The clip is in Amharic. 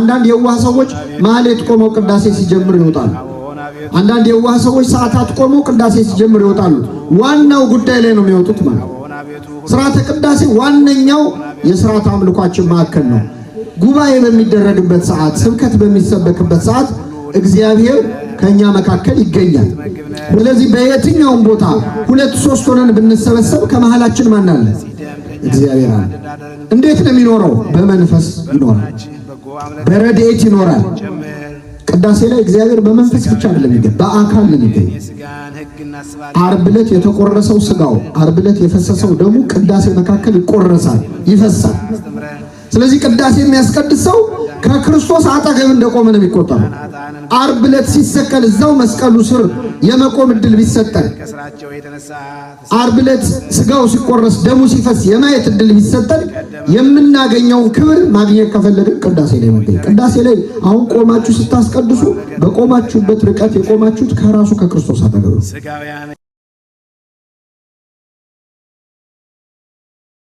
አንዳንድ የዋህ ሰዎች ማሌት ቆመው ቅዳሴ ሲጀምር ይወጣሉ። አንዳንድ የዋህ ሰዎች ሰዓታት ቆመው ቅዳሴ ሲጀምር ይወጣሉ። ዋናው ጉዳይ ላይ ነው የሚወጡት ማለት ስርዓተ ቅዳሴ ዋነኛው የስርዓት አምልኳችን ማዕከል ነው። ጉባኤ በሚደረግበት ሰዓት፣ ስብከት በሚሰበክበት ሰዓት እግዚአብሔር ከኛ መካከል ይገኛል። ስለዚህ በየትኛውም ቦታ ሁለት ሶስት ሆነን ብንሰበሰብ ከመሃላችን ማን አለ? እግዚአብሔር አለ። እንዴት ነው የሚኖረው? በመንፈስ ይኖራል። በረድኤት ይኖራል። ቅዳሴ ላይ እግዚአብሔር በመንፈስ ብቻ አይደለም የሚገኝ፣ በአካል ነው የሚገኝ። ዓርብ ዕለት የተቆረሰው ስጋው፣ ዓርብ ዕለት የፈሰሰው ደሙ ቅዳሴ መካከል ይቆረሳል፣ ይፈሳል። ስለዚህ ቅዳሴ የሚያስቀድስ ሰው ከክርስቶስ አጠገብ ነው የሚቆጠሩ አርብ ዕለት ሲሰቀል እዛው መስቀሉ ስር የመቆም እድል ቢሰጠን፣ አርብ ዕለት ስጋው ሲቆረስ ደሙ ሲፈስ የማየት እድል ቢሰጠን የምናገኘውን ክብር ማግኘት ከፈለግን ቅዳሴ ላይ መገኝ። ቅዳሴ ላይ አሁን ቆማችሁ ስታስቀድሱ በቆማችሁበት ርቀት የቆማችሁት ከራሱ ከክርስቶስ አጠገብ ነው።